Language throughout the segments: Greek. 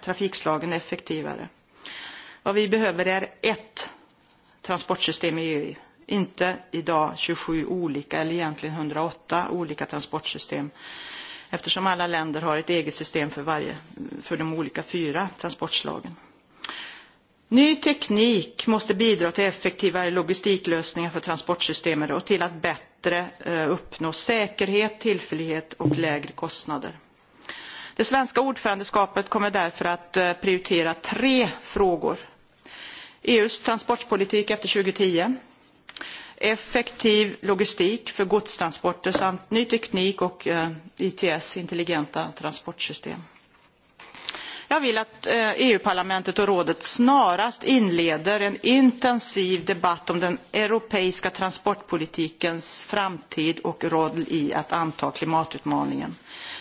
trafikslagen effektivare. Vad vi behöver är ett transportsystem i EU, inte idag 27 olika eller egentligen 108 olika transportsystem eftersom alla länder har ett eget system för, varje, för de olika fyra transportslagen. Ny teknik måste bidra till effektivare logistiklösningar för transportsystemet och till att bättre uppnå säkerhet, tillförlitlighet och lägre kostnader. Det svenska ordförandeskapet kommer därför att prioritera tre frågor. EUs transportpolitik efter 2010, effektiv logistik för godstransporter samt ny teknik och ITS, intelligenta transportsystem. Jag vill att EU-parlamentet och rådet snarast inleder en intensiv debatt om den europeiska transportpolitikens framtid och roll i att anta klimatutmaningen.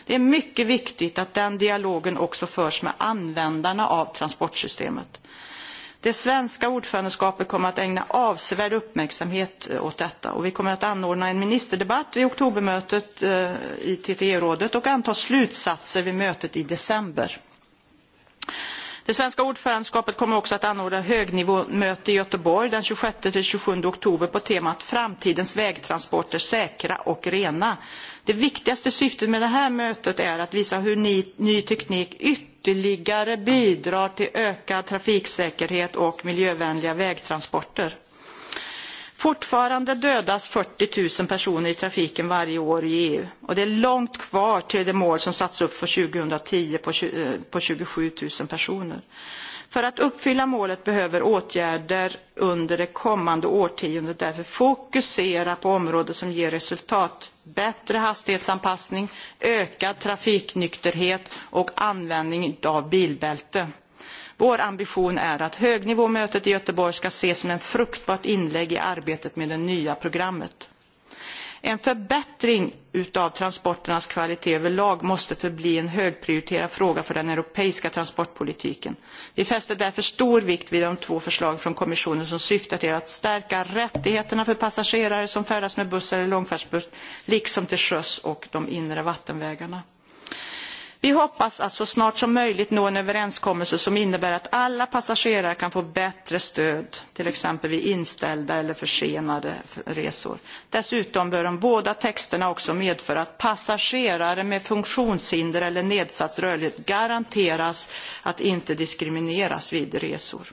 Det är mycket viktigt att den dialogen också förs med användarna av transportsystemet. Det svenska ordförandeskapet kommer att ägna avsevärd uppmärksamhet åt detta och vi kommer att anordna en ministerdebatt vid oktobermötet i TTE-rådet och anta slutsatser vid mötet i december. Det svenska ordförandeskapet kommer också att anordna högnivåmöte i Göteborg den 26-27 oktober på temat Framtidens vägtransporter säkra och rena. Det viktigaste syftet med det här mötet är att visa hur ny teknik ytterligare bidrar till ökad trafiksäkerhet och miljövänliga vägtransporter. Fortfarande dödas 40 000 personer i trafiken varje år i EU och det är långt kvar till det mål som satts upp för 2010 på 27 000 personer. För att uppfylla målet behöver åtgärder under det kommande årtiondet därför fokusera på områden som ger resultat, bättre hastighetsanpassning, ökad trafiknykterhet och användning av bilbälte. Vår ambition är att högnivåmötet i Göteborg ska ses som en fruktbart inlägg i arbetet med det nya programmet. En förbättring av transporternas kvalitet överlag måste förbli en högprioriterad fråga för den europeiska transportpolitiken. Vi fäster därför stor vikt vid de två förslag från kommissionen som syftar till att stärka rättigheterna för passagerare som färdas med buss eller långfärdsbuss, liksom till sjöss och de inre vattenvägarna. Vi hoppas att så snart som möjligt nå en överenskommelse som innebär att alla passagerare kan få bättre stöd, till exempel vid inställda eller försenade resor. Dessutom bör de båda texterna också medföra att passagerare med funktionshinder eller nedsatt rörlighet garanteras att inte diskrimineras vid resor.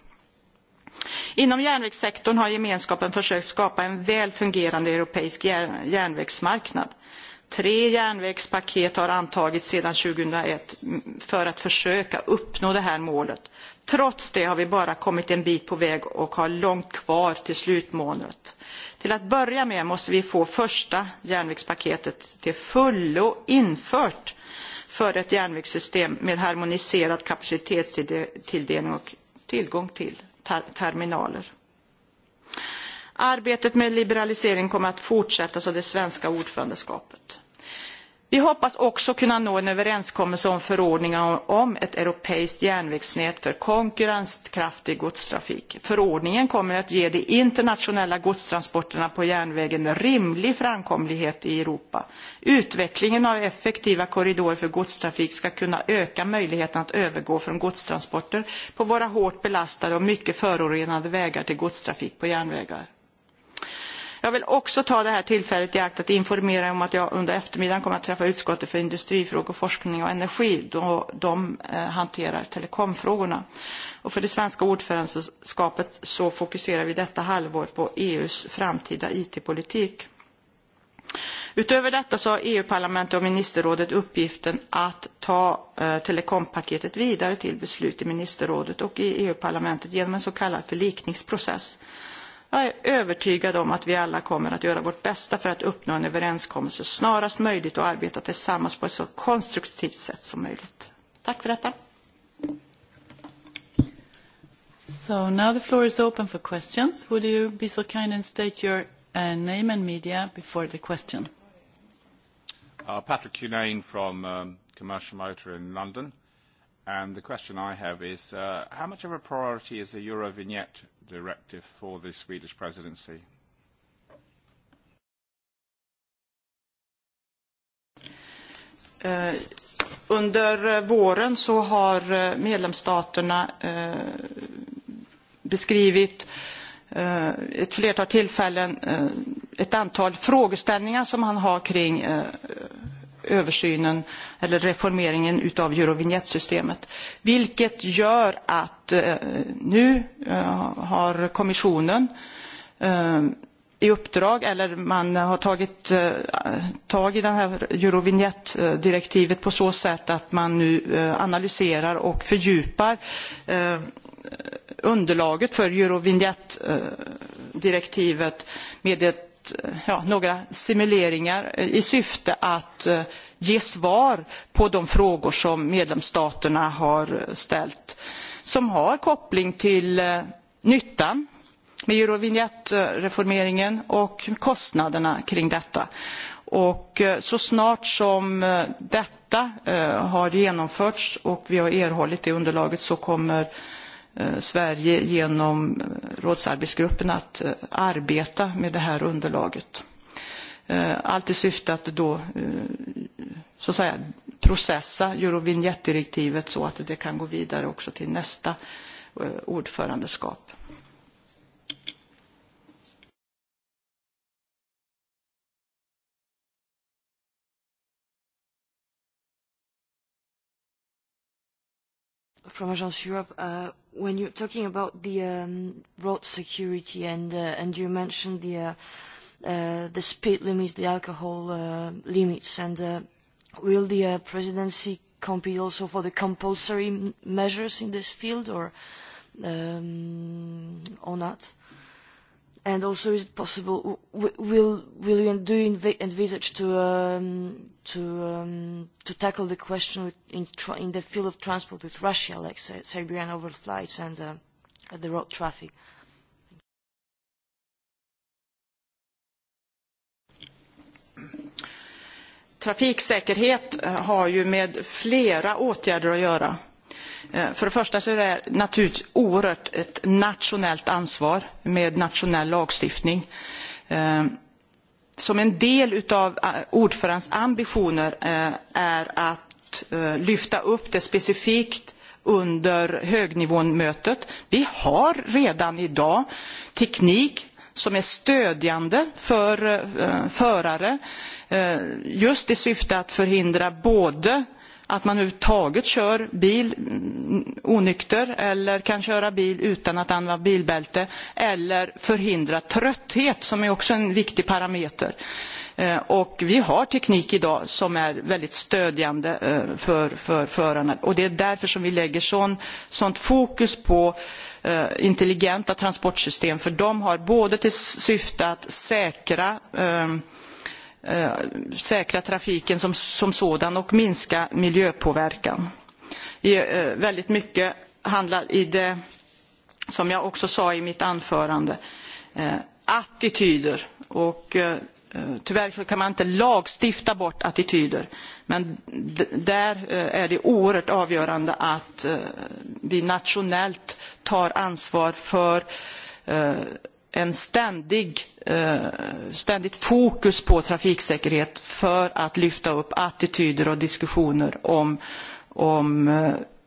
Inom järnvägssektorn har gemenskapen försökt skapa en väl fungerande europeisk järnvägsmarknad. Tre järnvägspaket har antagits sedan 2001 för att försöka uppnå det här målet. Trots det har vi bara kommit en bit på väg och har långt kvar till slutmålet. Till att börja med måste vi få första järnvägspaketet till fullo infört för ett järnvägssystem med harmoniserad kapacitetstilldelning och tillgång till terminaler. Arbetet med liberalisering kommer att fortsätta av det svenska ordförandeskapet. Vi hoppas också kunna nå en överenskommelse om förordningen om ett europeiskt järnvägsnät för konkurrenskraftig godstrafik. Förordningen kommer att ge de internationella godstransporterna på järnvägen rimlig framkomlighet i Europa. Utvecklingen av effektiva korridorer för godstrafik ska kunna öka möjligheten att övergå från godstransporter på våra hårt belastade och mycket förorenade vägar till godstrafik på järnvägar. Jag vill också ta det här tillfället i akt att informera om att jag under eftermiddagen kommer att träffa utskottet för industrifrågor, forskning och energi då de hanterar telekomfrågorna. För det svenska ordförandeskapet så fokuserar vi detta halvår på EUs framtida IT-politik. Utöver detta så har EU-parlamentet och ministerrådet uppgiften att ta telekompaketet vidare till beslut i ministerrådet och i EU-parlamentet genom en så kallad förlikningsprocess. Jag är övertygad om att vi alla kommer att göra vårt bästa för att uppnå en överenskommelse snarast möjligt och arbeta tillsammans på ett så konstruktivt sätt som möjligt. Tack för detta. So now the floor is open for questions. Would you be so kind and state your name and media before the question? Uh, Patrick Cunane from Commercial Motor in London. And the question I have is, how much of a priority is the Eurovignette directive for the Swedish presidency. Under våren så har medlemsstaterna beskrivit ett flertal tillfällen ett antal frågeställningar som man har kring översynen eller reformeringen av Eurovignettsystemet. Vilket gör att nu har kommissionen i uppdrag eller man har tagit tag i det här Eurovignettdirektivet på så sätt att man nu analyserar och fördjupar underlaget för Eurovignettdirektivet med ett några simuleringar i syfte att ge svar på de frågor som medlemsstaterna har ställt som har koppling till nyttan med Eurovinjettreformeringen och kostnaderna kring detta. Så snart som detta har genomförts och vi har erhållit det underlaget så kommer Sverige genom rådsarbetsgruppen att arbeta med det här underlaget. Allt i syfte att då så att säga processa Eurovignettdirektivet så att det kan gå vidare också till nästa ordförandeskap. from Agence Europe. When you're talking about the road security and you mentioned the speed limits, the alcohol limits, and will the presidency compete also for the compulsory measures in this field or not? And also, is it possible? Will will you do envisage to to to tackle the question in in the field of transport with Russia, like Siberian overflights and the road traffic? Trafiksäkerhet har ju med flera åtgärder att göra För det första så är det naturligtvis oerhört ett nationellt ansvar med nationell lagstiftning. Som en del av ordförandens ambitioner är att lyfta upp det specifikt under högnivåmötet. Vi har redan idag teknik som är stödjande för förare just i syfte att förhindra både att man taget kör bil onykter eller kan köra bil utan att använda bilbälte eller förhindra trötthet som är också en viktig parameter. Vi har teknik idag som är väldigt stödjande för förarna och det är därför som vi lägger sånt fokus på intelligenta transportsystem för de har både till syfte att säkra säkra trafiken som sådan och minska miljöpåverkan. Väldigt mycket handlar i det, som jag också sa i mitt anförande, attityder. Och tyvärr kan man inte lagstifta bort attityder. Men där är det oerhört avgörande att vi nationellt tar ansvar för en ständig ständigt fokus på trafiksäkerhet för att lyfta upp attityder och diskussioner om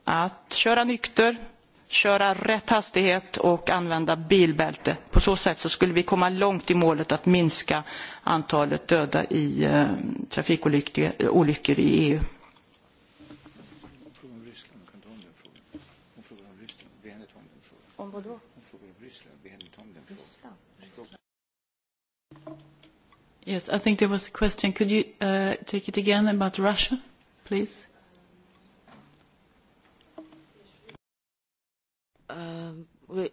att köra nykter, köra rätt hastighet och använda bilbälte. På så sätt skulle vi komma långt i målet att minska antalet döda i trafikolyckor i EU. Om Yes, I think there was a question. Could you take it again about Russia, please?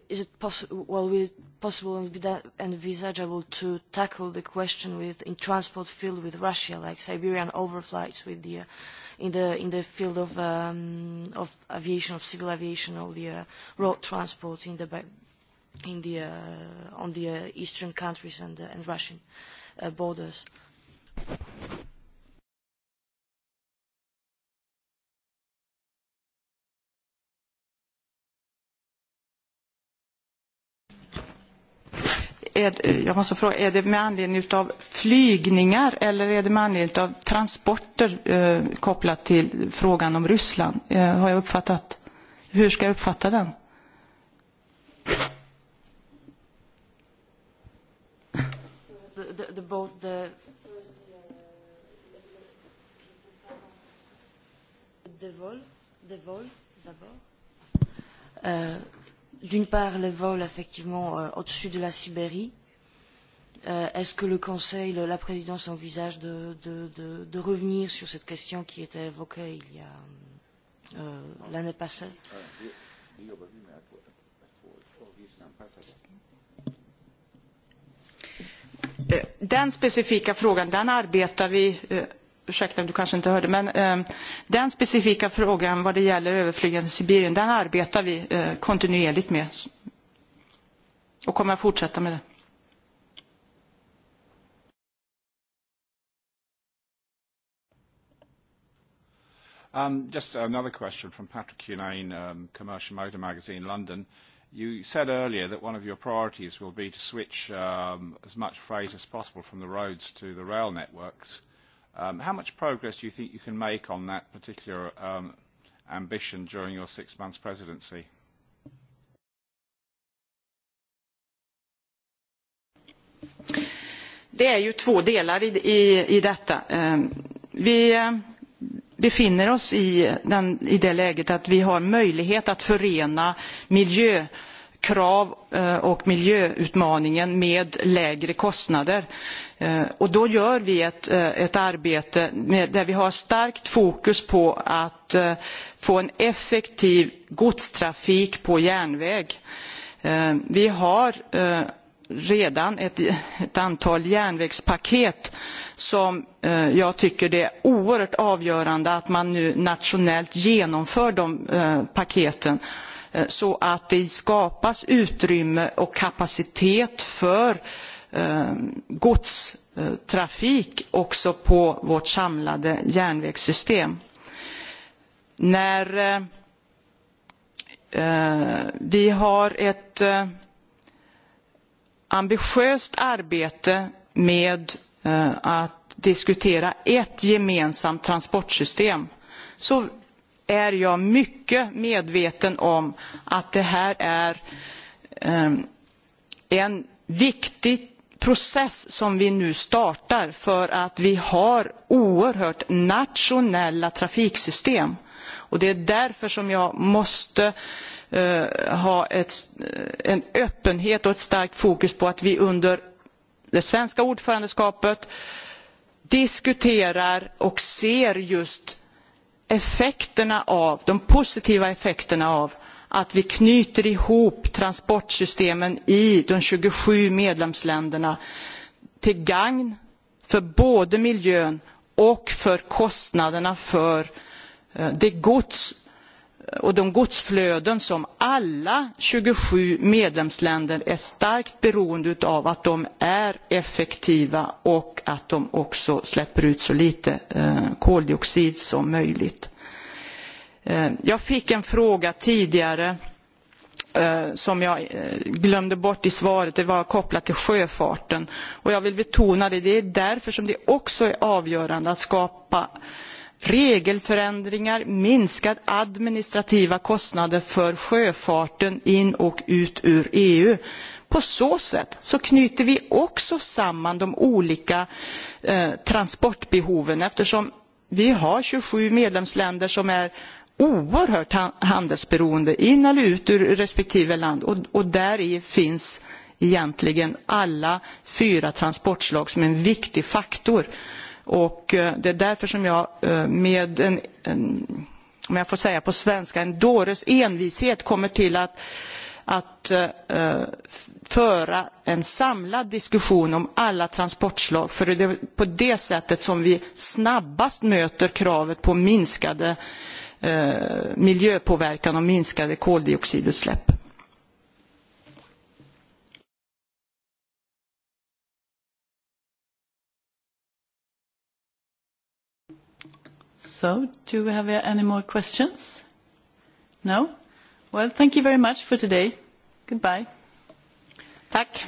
Is it possible and envisageable to tackle the question with in transport field with Russia, like Siberian overflights with the in the in the field of of aviation, of civil aviation, or the road transport in the in the on the eastern countries and and Russian? borders. Jag måste fråga, är det med anledning av flygningar eller är det med anledning av transporter kopplat till frågan om Ryssland? Har jag uppfattat, hur ska jag uppfatta den? d'abord. D'une part, les vols, effectivement, au-dessus de la Sibérie. Est-ce que le Conseil, la présidence envisage de revenir sur cette question qui était évoquée il y a l'année passée Den specifika frågan, den arbetar vi ursäkta du kanske inte hörde, men den specifika frågan vad det gäller överflygande Sibirien, den arbetar vi kontinuerligt med och kommer att fortsätta med det. Um, Just another question from Patrick Cunane, Commercial Motor Magazine, London. You said earlier that one of your priorities will be to switch um, as much freight as possible from the roads to the rail networks. How much progress do you think you can make on that particular ambition during your six months presidency? Det är ju två delar i detta. Vi befinner oss i det läget att vi har möjlighet att förena miljö krav och miljöutmaningen med lägre kostnader. Och då gör vi ett arbete där vi har starkt fokus på att få en effektiv godstrafik på järnväg. Vi har redan ett antal järnvägspaket som jag tycker det är oerhört avgörande att man nu nationellt genomför de paketen så att det skapas utrymme och kapacitet för godstrafik också på vårt samlade järnvägssystem. När vi har ett ambitiöst arbete med att diskutera ett gemensamt transportsystem är jag mycket medveten om att det här är en viktig process som vi nu startar för att vi har oerhört nationella trafiksystem. Och det är därför som jag måste ha en öppenhet och ett starkt fokus på att vi under det svenska ordförandeskapet diskuterar och ser just effekterna av, de positiva effekterna av att vi knyter ihop transportsystemen i de 27 medlemsländerna till gagn för både miljön och för kostnaderna för det gods och de godsflöden som alla 27 medlemsländer är starkt beroende av att de är effektiva och att de också släpper ut så lite koldioxid som möjligt. Jag fick en fråga tidigare som jag glömde bort i svaret. Det var kopplat till sjöfarten. Jag vill betona det. Det är därför som det också är avgörande att skapa regelförändringar, minskade administrativa kostnader för sjöfarten in och ut ur EU. På så sätt så knyter vi också samman de olika transportbehoven eftersom vi har 27 medlemsländer som är oerhört handelsberoende in eller ut ur respektive land och där finns egentligen alla fyra transportslag som en viktig faktor. Och det är därför som jag med en, om jag får säga på svenska, en dåres envishet kommer till att att föra en samlad diskussion om alla transportslag. För det är på det sättet som vi snabbast möter kravet på minskade miljöpåverkan och minskade koldioxidutsläpp. So, do we have any more questions? No? Well, thank you very much for today. Goodbye. Tack.